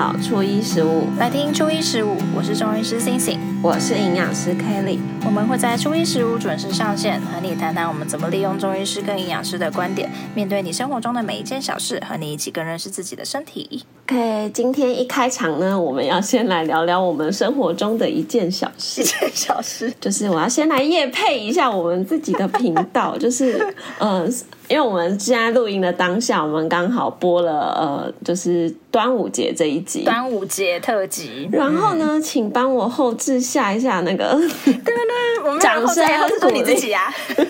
好，初一十五，來聽初一十五。我是中醫師 CinCin，我是營養師 Kelly，我們會在初一十五準時上線，和你談談我們怎麼利用中醫師跟營養師的觀點，面對你生活中的每一件小事，和你一起更認識自己的身體。嘿，okay, 今天一開場呢，我們要先來聊聊我們生活中的一件小事。一件小事， 就是我要先來業配一下我們自己的頻道， 就是呃，因為我們現在錄音的當下，我們剛好播了呃，就是端午節這一集，端午節特輯。然後呢，嗯、請幫我後製下一下那個，對對對。我要後掌聲還後，就是說你自己呀、啊？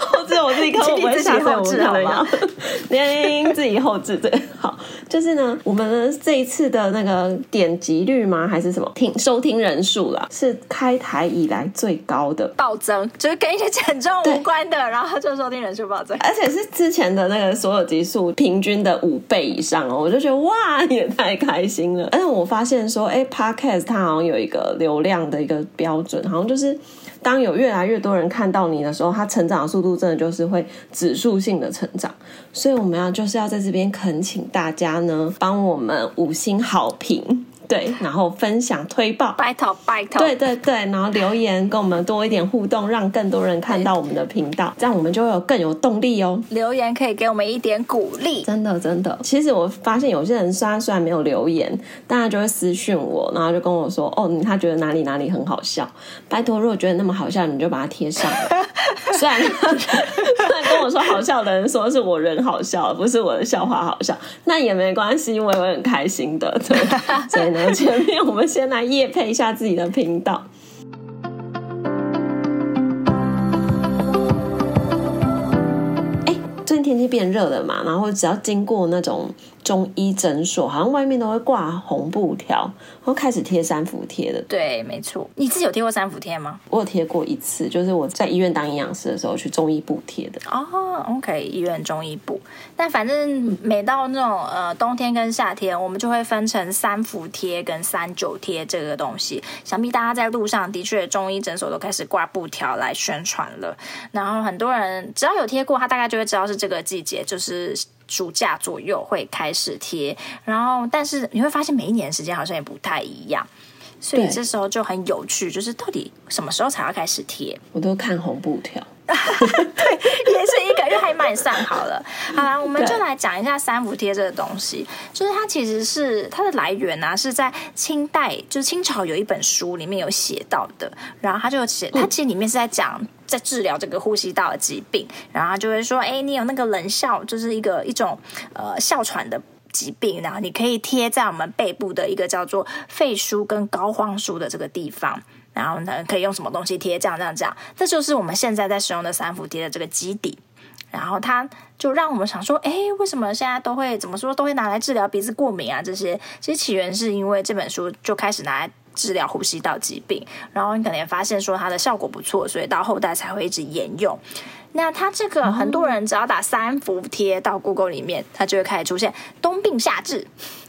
後製我自己看，我 自己後製好嗎？對 自己後製對。好，就是呢，我們呢，這一次的那個點擊率嗎？還是什麼聽收聽人數啦，是開台以來最高的暴增，就是跟一些減重無關的，對然後就收聽人數暴增，而且是之前的那個所有集數平均的五倍以上哦。我就覺得哇，也太開心了。但是我發現說，哎、欸、，Podcast 它好像有一個流量的一個標準，好像就是。當有越來越多人看到你的時候，他成長的速度真的就是會指數性的成長。所以我們要、啊、就是要在這邊懇請大家呢，幫我們五星好評。對，然後分享、推爆，拜托拜托，對對對，然後留言跟我們多一點互動，讓更多人看到我們的頻道，這樣我們就會有更有動力哦。留言可以給我們一點鼓勵，真的真的。其實我發現有些人雖然雖然沒有留言，但他就會私訊我，然後就跟我說：“哦，他覺得哪裡哪裡很好笑。”拜托，如果覺得那麼好笑，你就把它貼上。 雖然對 雖然跟我說好笑的人說是我人好笑，不是我的笑話好笑，那也沒關係，因為我很開心的。對，所以呢，前面我們先來業配一下自己的頻道。哎、欸，最近天氣變熱了嘛，然後只要經過那種。中醫診所好像外面都會掛紅布條，都開始貼三伏貼了。對，沒錯。你自己有貼過三伏貼嗎？我有貼過一次，就是我在醫院當營養師的時候去中醫部貼的。哦，OK，醫院中醫部。但反正每到那種呃冬天跟夏天，我們就會分成三伏貼跟三九貼這個東西。想必大家在路上的確中醫診所都開始掛布條來宣傳了，然後很多人只要有貼過，他大概就會知道是這個季節，就是。暑假左右會開始貼，然後但是你會發現每一年時間好像也不太一樣，所以這時候就很有趣，就是到底什麼時候才要開始貼？我都看紅布條。 對就還蠻善好了，好了，我們就來講一下三伏貼這個東西。就是它其實是它的來源呢，啊，是在清代，就是清朝有一本書裡面有寫到的。然後它就寫，它其實裡面是在講在治療這個呼吸道的疾病。然後它就會說，哎，欸，你有那個冷哮就是一個一種呃哮喘的疾病，然後你可以貼在我們背部的一個叫做肺腧跟膏肓腧的這個地方。然後呢，可以用什麼東西貼？這樣這樣這樣，這就是我們現在在使用的三伏貼的這個基底。然後他就讓我們想說，哎，為什麼現在都會怎麼說都會拿來治療鼻子過敏啊？這些其實起源是因為這本書就開始拿來治療呼吸道疾病，然後你可能也發現說它的效果不錯，所以到後代才會一直沿用。那它這個很多人只要打三伏貼到 Google 裡面，它就會開始出現冬病夏治，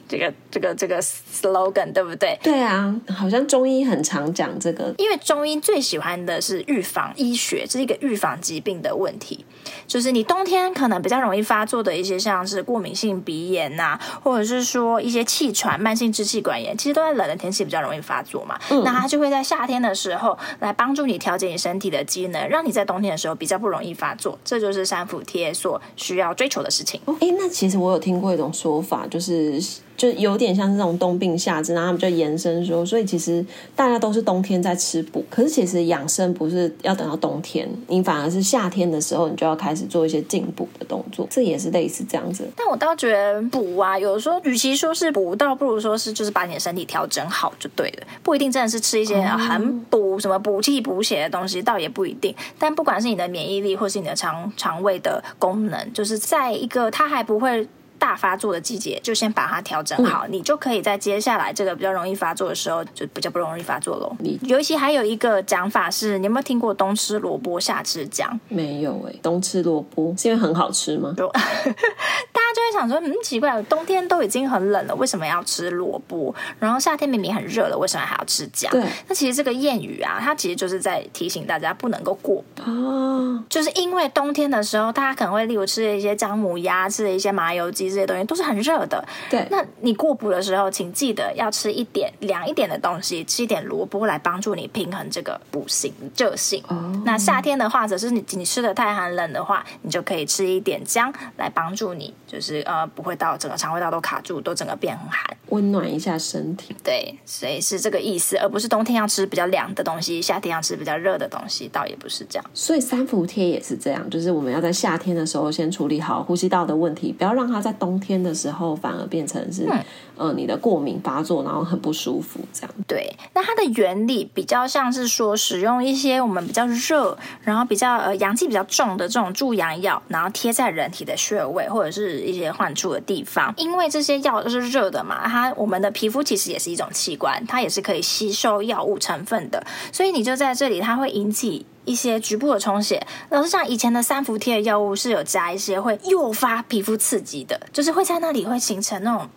這個這個這個 slogan 對不對？對啊，好像中醫很常講這個，因為中醫最喜歡的是預防醫學，這是一個預防疾病的問題。就是你冬天可能比較容易發作的一些，像是過敏性鼻炎吶、啊，或者是說一些氣喘、慢性支氣管炎，其實都在冷的天氣比較容易發作嘛。嗯、那它就會在夏天的時候來幫助你調節你身體的機能，讓你在冬天的時候比較不容易發作。這就是三伏貼所需要追求的事情。哎、哦欸，那其實我有聽過一種說法，就是就有點像是這種冬病夏治，然後他們就延伸說，所以其實大家都是冬天在吃補，可是其實養生不是要等到冬天，你反而是夏天的時候你就要。開始做一些進補的動作，這也是類似這樣子。但我倒覺得補啊，有時候與其說是補，倒不如說是就是把你的身體調整好就對了，不一定真的是吃一些很補、嗯、什麼補氣補血的東西，倒也不一定。但不管是你的免疫力，或是你的腸腸胃的功能，就是在一個它還不會。大發作的季節，就先把它調整好，嗯、你就可以在接下來這個比較容易發作的時候，就比較不容易發作嘍。你尤其還有一個講法是，你有沒有聽過冬吃夏吃沒有、欸“冬吃蘿蔔，夏吃薑”？沒有哎，冬吃蘿蔔現在很好吃嗎？ 大家就會想說，嗯，奇怪，冬天都已經很冷了，為什麼要吃蘿蔔？然後夏天明明很熱了，為什麼還要吃薑？對，那其實這個諺語啊，它其實就是在提醒大家不能夠過哦，就是因為冬天的時候，大家可能會例如吃一些薑母鴨，吃一些麻油雞。這些東西都是很熱的，對。那你過補的時候，請記得要吃一點涼一點的東西，吃一點蘿蔔來幫助你平衡這個補性熱性。哦，那夏天的話，只是你你吃的太寒冷的話，你就可以吃一點薑來幫助你，就是呃不會到整個腸胃道都卡住，都整個變很寒，溫暖一下身體。對，所以是這個意思，而不是冬天要吃比較涼的東西，夏天要吃比較熱的東西，倒也不是這樣。所以三伏貼也是這樣，就是我們要在夏天的時候先處理好呼吸道的問題，不要讓它在。冬天的時候，反而變成是。呃，你的過敏發作，然後很不舒服，這樣對。那它的原理比較像是說，使用一些我們比較熱，然後比較呃陽氣比較重的這種助陽藥，然後貼在人體的穴位或者是一些患處的地方。因為這些藥都是熱的嘛，它我們的皮膚其實也是一種器官，它也是可以吸收藥物成分的。所以你就在這裡，它會引起一些局部的充血。老實講，以前的三伏貼的藥物是有加一些會誘發皮膚刺激的，就是會在那裡會形成那種。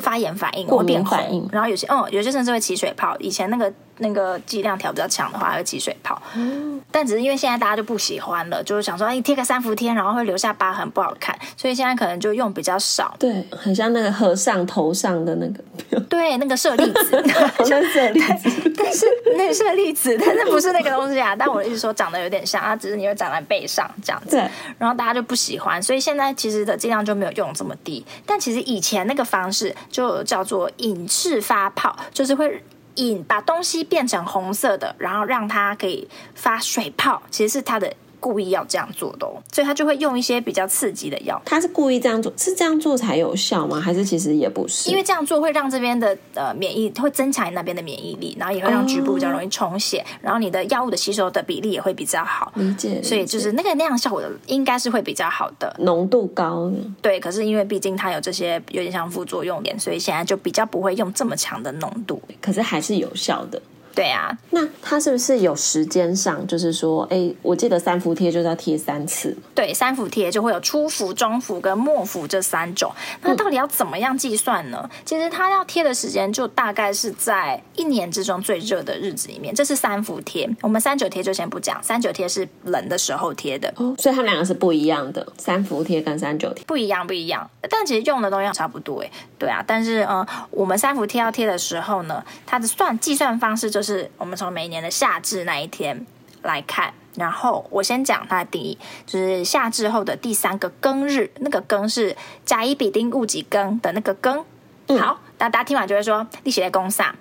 發炎反應、過敏反應，然後有些，嗯，哦，有些甚至會起水泡。以前那個。那個劑量調比較強的話，還會起水泡。嗯、但只是因為現在大家就不喜歡了，就是想說，哎，貼個三伏天，然後會留下疤痕，不好看，所以現在可能就用比較少。對，很像那個和尚頭上的那個。對，那個舍利子。 像舍利子，但是那是舍利子，但是不是那個東西啊？但我一直說長得有點像，它、啊、只是你會長在背上這樣子。對然後大家就不喜歡，所以現在其實的劑量就沒有用這麼低。但其實以前那個方式就叫做引赤發泡，就是會。引把東西變成紅色的，然後讓它可以發水泡，其實是它的。故意要這樣做的。哦，所以他就會用一些比較刺激的藥。他是故意這樣做，是這樣做才有效嗎？還是其實也不是？因為這樣做會讓這邊的呃免疫會增強那邊的免疫力，然後也會讓局部比較容易充血，哦，然後你的藥物的吸收的比例也會比較好。理解。所以就是那個那樣效果的應該是會比較好的，濃度高。對，可是因為畢竟它有這些有點像副作用點，所以現在就比較不會用這麼強的濃度。可是還是有效的。對啊，那它是不是有時間上？就是說，哎，我記得三伏貼就是要貼三次。對，三伏貼就會有初伏、中伏跟末伏這三種。那到底要怎麼樣計算呢？嗯，其實它要貼的時間就大概是在一年之中最熱的日子裡面，這是三伏貼。我們三九貼就先不講，三九貼是冷的時候貼的，哦，所以它兩個是不一樣的。三伏貼跟三九貼不一樣，不一樣。但其實用的東西差不多，哎，對啊。但是，嗯，我們三伏貼要貼的時候呢，它的算，計算方式就是。是我們從每年的夏至那一天來看，然後我先講它的定義，就是夏至後的第三個庚日，那個庚是甲乙丙丁戊己庚的那個庚。嗯、好，那大家聽完就會說，你是在供三小，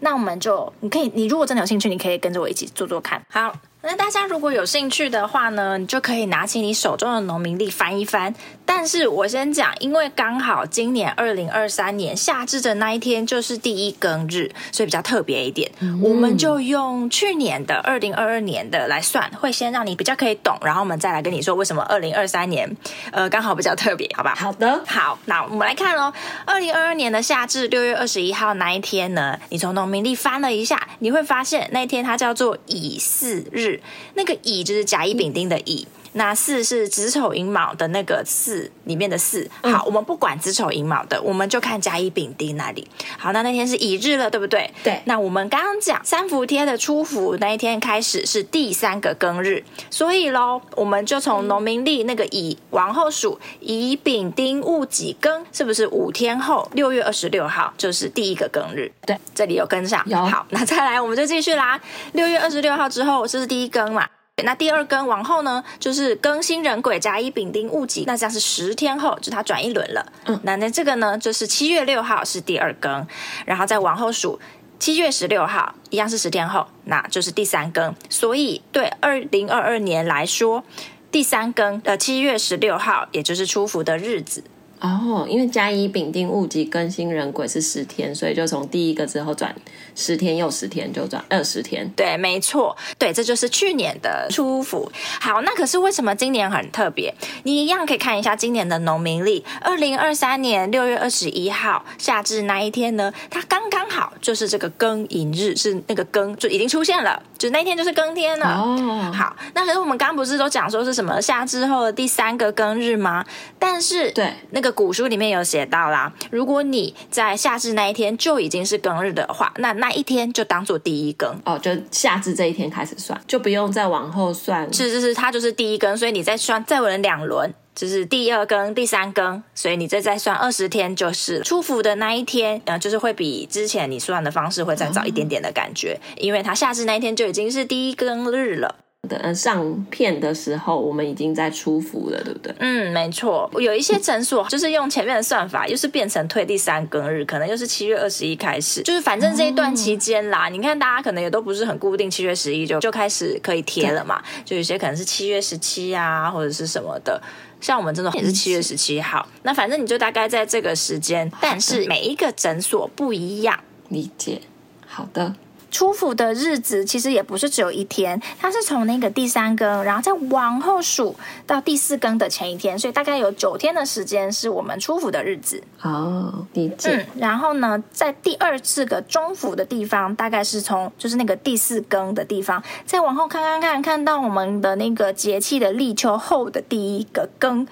那我們就你可以，你如果真的有興趣，你可以跟着我一起做做看。好。那大家如果有興趣的話呢，你就可以拿起你手中的農民曆翻一翻。但是我先講，因為剛好今年二零二三年夏至的那一天就是第一庚日，所以比較特別一點。嗯、我們就用去年的二零二二年的來算，會先讓你比較可以懂，然後我們再來跟你說為什麼二零二三年，呃，剛好比較特別，好吧？好的，好，那我們來看咯。二零二二年的夏至，六月二十一號那一天呢，你從農民曆翻了一下，你會發現那天它叫做乙巳日。那個乙就是甲乙丙丁的乙。那四是子丑寅卯的那個四裡面的四。嗯、好，我們不管子丑寅卯的，我們就看甲乙丙丁那裡。好，那那天是乙日了，對不對？對。那我們剛剛講三伏天的初伏那一天開始是第三個庚日，所以嘍，我們就從農民曆那個乙往、嗯、後數，乙丙丁戊己庚，是不是五天後六月二十六號就是第一個庚日？對，這裡有跟上。有。好，那再來我們就繼續啦。六月二十六號之後就是，是第一庚嘛。那第二庚往後呢，就是庚辛壬癸甲乙丙丁戊己，那將是十天後就它轉一輪了。嗯，那那這個呢，就是七月六號是第二庚，然後再往後數，七月十六號一樣是十天後，那就是第三庚。所以對二零二二年來說，第三庚呃七月十六號也就是出伏的日子。哦，因為甲乙丙丁戊己庚辛壬癸是十天，所以就從第一個之後轉。十天又十天，就這樣。二十天，對，沒錯，對，這就是去年的初伏。好，那可是為什麼今年很特別？你一樣可以看一下今年的農民曆，二零二三年六月二十一號夏至那一天呢，它剛剛好就是這個庚寅日，是那個庚就已經出現了，就是、那天就是庚天了。哦，好，那可是我們剛不是都講說是什麼夏至後的第三個庚日嗎？但是對，那個古書裡面有寫到啦，如果你在夏至那一天就已經是庚日的話，那那一天就當做第一庚哦，就夏至這一天開始算，就不用再往後算了是。是是是，它就是第一庚，所以你再算再輪兩輪，就是第二庚、第三庚，所以你這再，再算二十天就是出伏的那一天，然、呃、就是會比之前你算的方式會再早一點點的感覺，哦、因為它夏至那一天就已經是第一庚日了。嗯，上片的時候我們已經在出伏了，對不對？嗯，沒錯。有一些診所就是用前面的算法，又是變成推第三庚日，可能又是七月二十一開始，就是反正這一段期間啦。哦、你看大家可能也都不是很固定7 11，七月十一就就開始可以貼了嘛，對就有些可能是七月十七啊，或者是什麼的。像我們這種也是七月十七號，那反正你就大概在這個時間，的但是每一個診所不一樣。理解，好的。初伏的日子其實也不是只有一天，它是從那個第三庚，然後再往後數到第四庚的前一天，所以大概有九天的時間是我們初伏的日子。哦，理解。嗯，然後呢，在第二次的中伏的地方，大概是從就是那個第四庚的地方，再往後看看看，看到我們的那個節氣的立秋後的第一個庚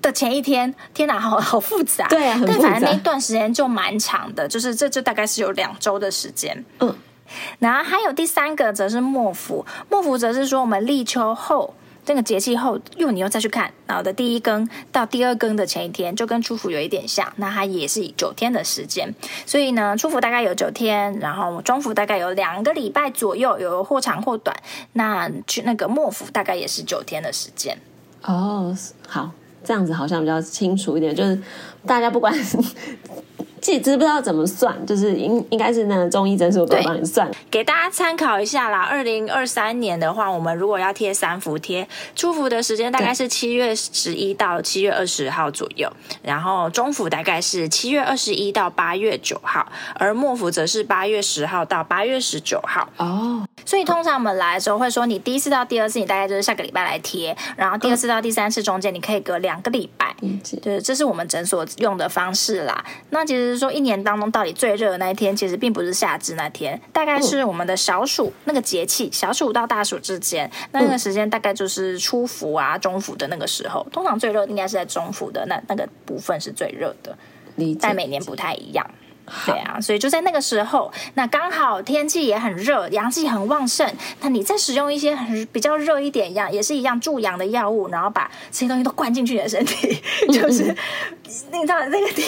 的前一天。天哪，好好複雜。對啊，很複雜。但反正那一段時間就蠻長的，就是這就大概是有兩周的時間。嗯。然後還有第三個，則是末伏。末伏則是說，我們立秋後，這個節氣後，又你又再去看，然後的第一庚到第二庚的前一天，就跟初伏有一點像。那它也是九天的時間。所以呢，初伏大概有九天，然後中伏大概有兩個禮拜左右，有或長或短。那去那個末伏大概也是九天的時間。哦，oh, 好，這樣子好像比較清楚一點。就是大家不管。 自己知不知道怎麼算？就是應應該是那個中醫診所，都幫你算，對給大家參考一下啦。二零二三年的話，我們如果要貼三伏貼，初伏的時間大概是七月十一到七月二十號左右，對然後中伏大概是七月二十一到八月九號，而末伏則是八月十號到八月十九號。哦，所以通常我們來的時候會說，你第一次到第二次，你大概就是下個禮拜來貼，然後第二次到第三次中間，你可以隔兩個禮拜。就、嗯、對，這是我們診所用的方式啦。那其實。就是說一年當中到底最熱的那一天，其實並不是夏至那天，大概是我們的小暑、嗯、那個節氣，小暑到大暑之間，那個時間大概就是初伏啊、中伏的那個時候，通常最熱應該是在中伏的那那個部分是最熱的，在解每年不太一樣。解對啊，好所以就在那個時候，那剛好天氣也很熱，陽氣很旺盛，那你再使用一些很比較熱一點一樣，也是一樣助陽的藥物，然後把這些東西都灌進去你的身體，嗯嗯就是你知道那個天。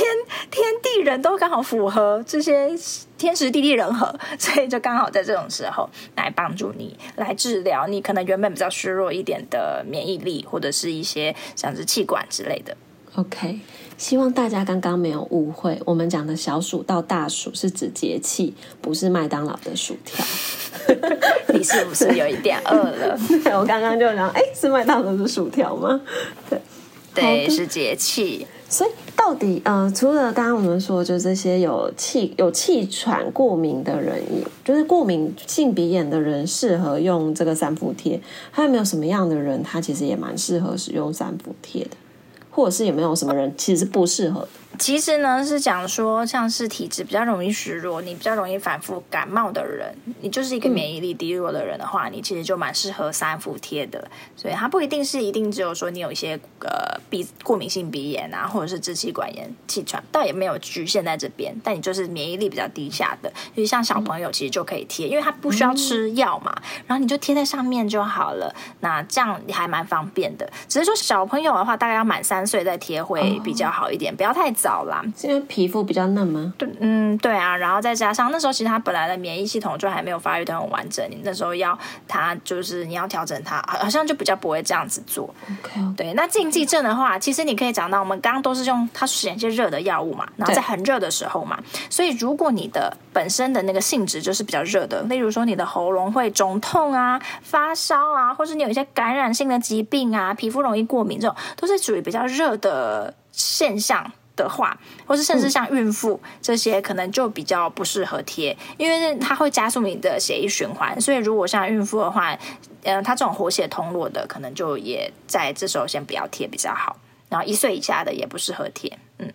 天地人都剛好符合這些天時地利人和，所以就剛好在這種時候來幫助你來治療你可能原本比較虛弱一點的免疫力，或者是一些像是氣管之類的。OK，希望大家剛剛沒有誤會，我們講的小暑到大暑是指節氣，不是麥當勞的薯條。 你是不是有一點餓了？ 我剛剛就想，哎，是麥當勞的薯條嗎？對，對，是節氣。所以到底呃，除了剛剛我們說，就這些有氣有氣喘過敏的人也，就是過敏性鼻炎的人，適合用這個三伏貼，還有沒有什麼樣的人，他其實也蠻適合使用三伏貼的？或者是有沒有什麼人其實是不適合其實呢，是講說像是體質比較容易虛弱，你比較容易反覆感冒的人，你就是一個免疫力低弱的人的話，嗯、你其實就蠻適合三伏貼的。所以它不一定是一定只有說你有一些呃鼻過敏性鼻炎啊，或者是支氣管炎、氣喘，倒也沒有局限在這邊。但你就是免疫力比較低下的，因為像小朋友其實就可以貼，嗯、因為他不需要吃藥嘛，然後你就貼在上面就好了。那這樣你還蠻方便的。只是說小朋友的話，大概要滿三歲再貼會比較好一點，哦、不要太。早啦，因為皮膚比較嫩嗎？對，嗯，對啊。然後再加上那時候，其實他本來的免疫系統就還沒有發育得很完整。你那時候要他，它就是你要調整他，好像就比較不會這樣子做。OK。對，那禁忌症的話，其實你可以講到，我們剛剛都是用它選一些熱的藥物嘛，然後在很熱的時候嘛。對所以如果你的本身的那個性質就是比較熱的，例如說你的喉嚨會腫痛啊、發燒啊，或是你有一些感染性的疾病啊、皮膚容易過敏這種，都是屬於比較熱的現象。的話，或是甚至像孕婦這些，可能就比較不適合貼，因為它會加速你的血液循環。所以，如果像孕婦的話，嗯、呃，它這種活血通絡的，可能就也在這時候先不要貼比較好。然後，一歲以下的也不適合貼，嗯。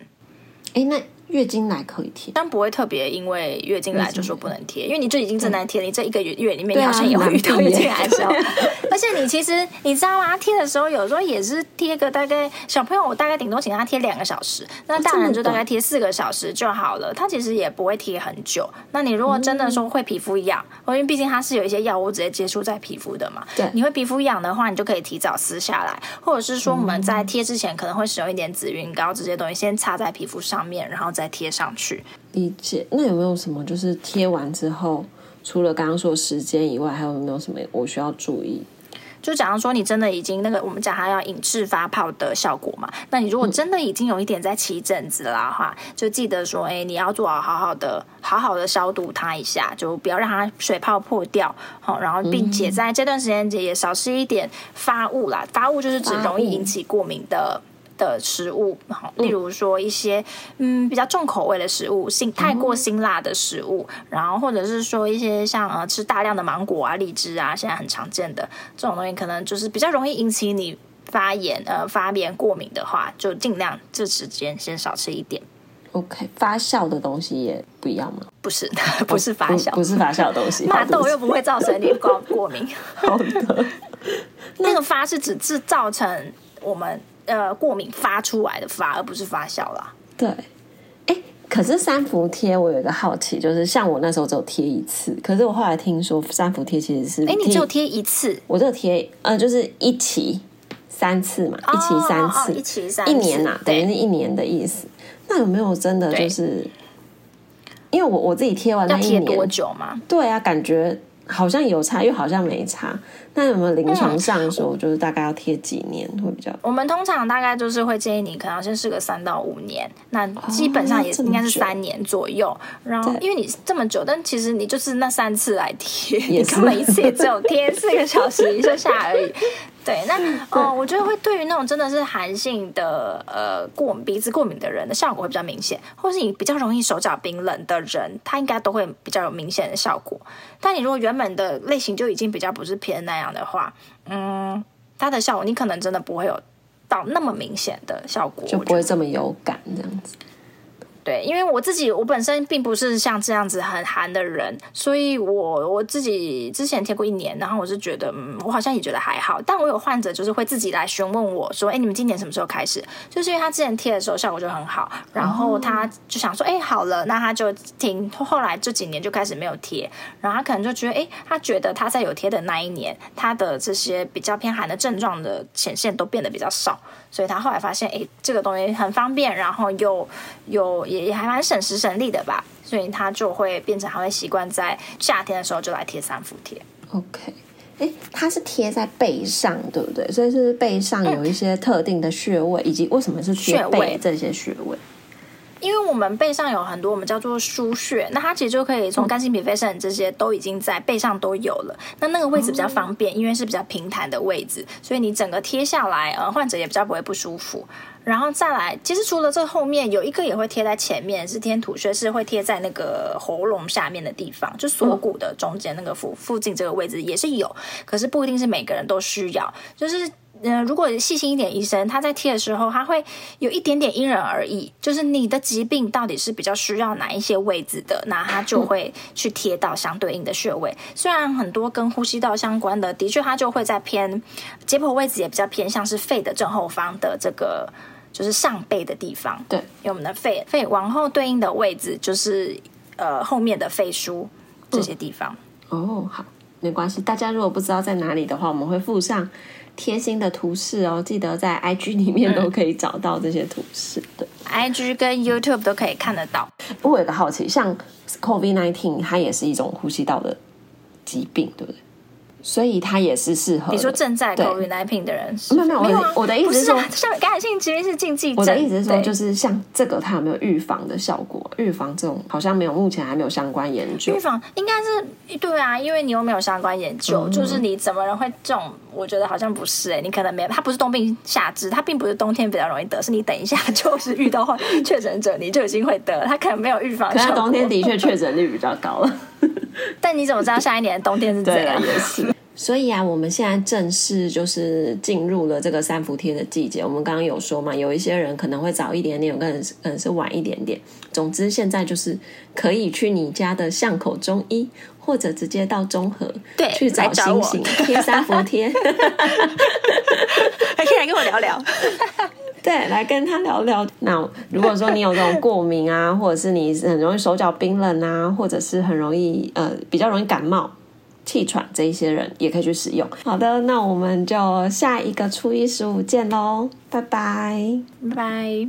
誒，那。月經來可以貼，但不會特別因為月經來就說不能貼，因為你就已經正在貼，你這一個月月裡面你好像也會遇到月經來，而且你其實你知道嗎？貼的時候有時候也是貼個大概小朋友，我大概頂多請他貼兩個小時，那大人就大概貼四個小時就好了。他其實也不會貼很久。那你如果真的說會皮膚癢，因為畢竟它是有一些藥物直接接觸在皮膚的嘛，對，你會皮膚癢的話，你就可以提早撕下來，或者是說我們在貼之前可能會使用一點紫雲膏這些東西先擦在皮膚上面，然後。再貼上去，理解。那有沒有什麼就是貼完之後，除了剛剛說時間以外，還有沒有什麼我需要注意？就假如說你真的已經那個，我們講它要引致發泡的效果嘛，那你如果真的已經有一點在起疹子了哈，嗯、就記得說，哎、欸，你要做好好好的、好好的消毒它一下，就不要讓它水泡破掉。好、嗯，然後並且在這段時間也也少吃一點發物啦，發物就是指容易引起過敏的。的食物，例如說一些嗯，嗯比較重口味的食物，辛太過辛辣的食物，嗯、然後或者是說一些像呃吃大量的芒果啊、荔枝啊，現在很常見的這種東西，可能就是比較容易引起你發炎呃發炎過敏的話，就儘量這時間先少吃一點。OK，發酵的東西也不一樣嗎？不是的，不是發酵， 不，不是發酵的東西，麻豆又不會造成你過敏。 好的疼， 那個發是指制造成我們。呃，過敏發出來的發，而不是發酵了。對，哎、欸，可是三伏貼，我有一個好奇，就是像我那時候只有貼一次，可是我後來聽說三伏貼其實是，哎、欸，你就貼一次，我就貼，呃，就是一期三次嘛，哦、一期三次，一期三，一,三一年吶、啊，對等於是一年的意思。那有沒有真的就是，對因為我我自己貼完了一年要貼多久嗎？對啊，感覺。好像有差，又好像沒差。那我們臨床上的時候，嗯、就是大概要貼幾年會比較？我們通常大概就是會建議你，可能要先試個三到五年。那基本上也應該是三年左右。然後，因為你這麼久，但其實你就是那三次來貼，也是每一次也只有貼四個小時一下下而已。對，那哦對、呃，我覺得會對於那種真的是寒性的，呃，過鼻子過敏的人，的效果會比較明顯，或是你比較容易手腳冰冷的人，他應該都會比較有明顯的效果。但你如果原本的類型就已經比較不是偏那樣的話，嗯，它的效果你可能真的不會有到那麼明顯的效果，就不會這麼有感這樣子。對，因為我自己我本身並不是像這樣子很寒的人，所以我我自己之前貼過一年，然後我是覺得，嗯，我好像也覺得還好。但我有患者就是會自己來詢問我說，哎，你們今年什麼時候開始？就是因為他之前貼的時候效果就很好，然後他就想說，哎，好了，那他就停。後來這幾年就開始沒有貼，然後他可能就覺得，哎，他覺得他在有貼的那一年，他的這些比較偏寒的症狀的顯現都變得比較少，所以他後來發現，哎，這個東西很方便，然後又有，也。也還蠻省時省力的吧，所以他就會變成他會習慣在夏天的時候就來貼三伏貼。OK，誒，它是貼在背上，對不對？所以是背上有一些特定的穴位，嗯、以及為什麼是貼背這些穴位？位因為我們背上有很多我們叫做腧穴。嗯、那它其實就可以從肝心脾肺腎這些都已經在背上都有了。那那個位置比較方便，嗯、因為是比較平坦的位置，所以你整個貼下來，呃，患者也比較不會不舒服。然後再來，其實除了這後面有一個，也會貼在前面，是天突穴，是會貼在那個喉嚨下面的地方，就鎖骨的中間那個附附近這個位置也是有，可是不一定是每個人都需要。就是，嗯、呃，如果細心一點，醫生他在貼的時候，他會有一點點因人而異，就是你的疾病到底是比較需要哪一些位置的，那他就會去貼到相對應的穴位。雖然很多跟呼吸道相關的，的確他就會在偏解剖位置也比較偏向是肺的正後方的這個。就是上背的地方，對，有我們的肺，肺往後對應的位置就是呃後面的肺腧這些地方。哦，好，沒關係。大家如果不知道在哪裡的話，我們會附上貼心的圖示哦，記得在 IG 裡面都可以找到這些圖示。嗯、對，IG 跟 YouTube 都可以看得到。不過我有個好奇，像 COVID-19，它也是一種呼吸道的疾病，對不對？所以它也是適合，比如說正在考慮奶瓶的人是，沒有對沒有，我的是我的意思是說，像、啊、感染性疾病是禁忌症。我的意思是說，就是像這個，它有沒有預防的效果？對預防這種好像沒有，目前還沒有相關研究。預防應該是對啊，因為你又沒有相關研究，嗯、哼就是你怎麼人會中？我覺得好像不是哎、欸，你可能沒有，它不是冬病夏治，它並不是冬天比較容易得，是你等一下就是遇到確診者，你就已經會得了，它可能沒有預防。可是冬天的確確診率比較高了， 但你怎麼知道下一年冬天是這個也行？所以啊，我們現在正式就是進入了這個三伏天的季節。我們剛剛有說嘛，有一些人可能會早一點點，有個人可能是晚一點點。總之，現在就是可以去你家的巷口中醫。.或者直接到中和對，去找星星貼三伏貼， 還可以來跟我聊聊。 對，來跟他聊聊。那如果說你有這種過敏啊，或者是你很容易手腳冰冷啊，或者是很容易呃比較容易感冒、氣喘這一些人，也可以去使用。好的，那我們就下一個初一十五見嘍，拜拜拜。Bye bye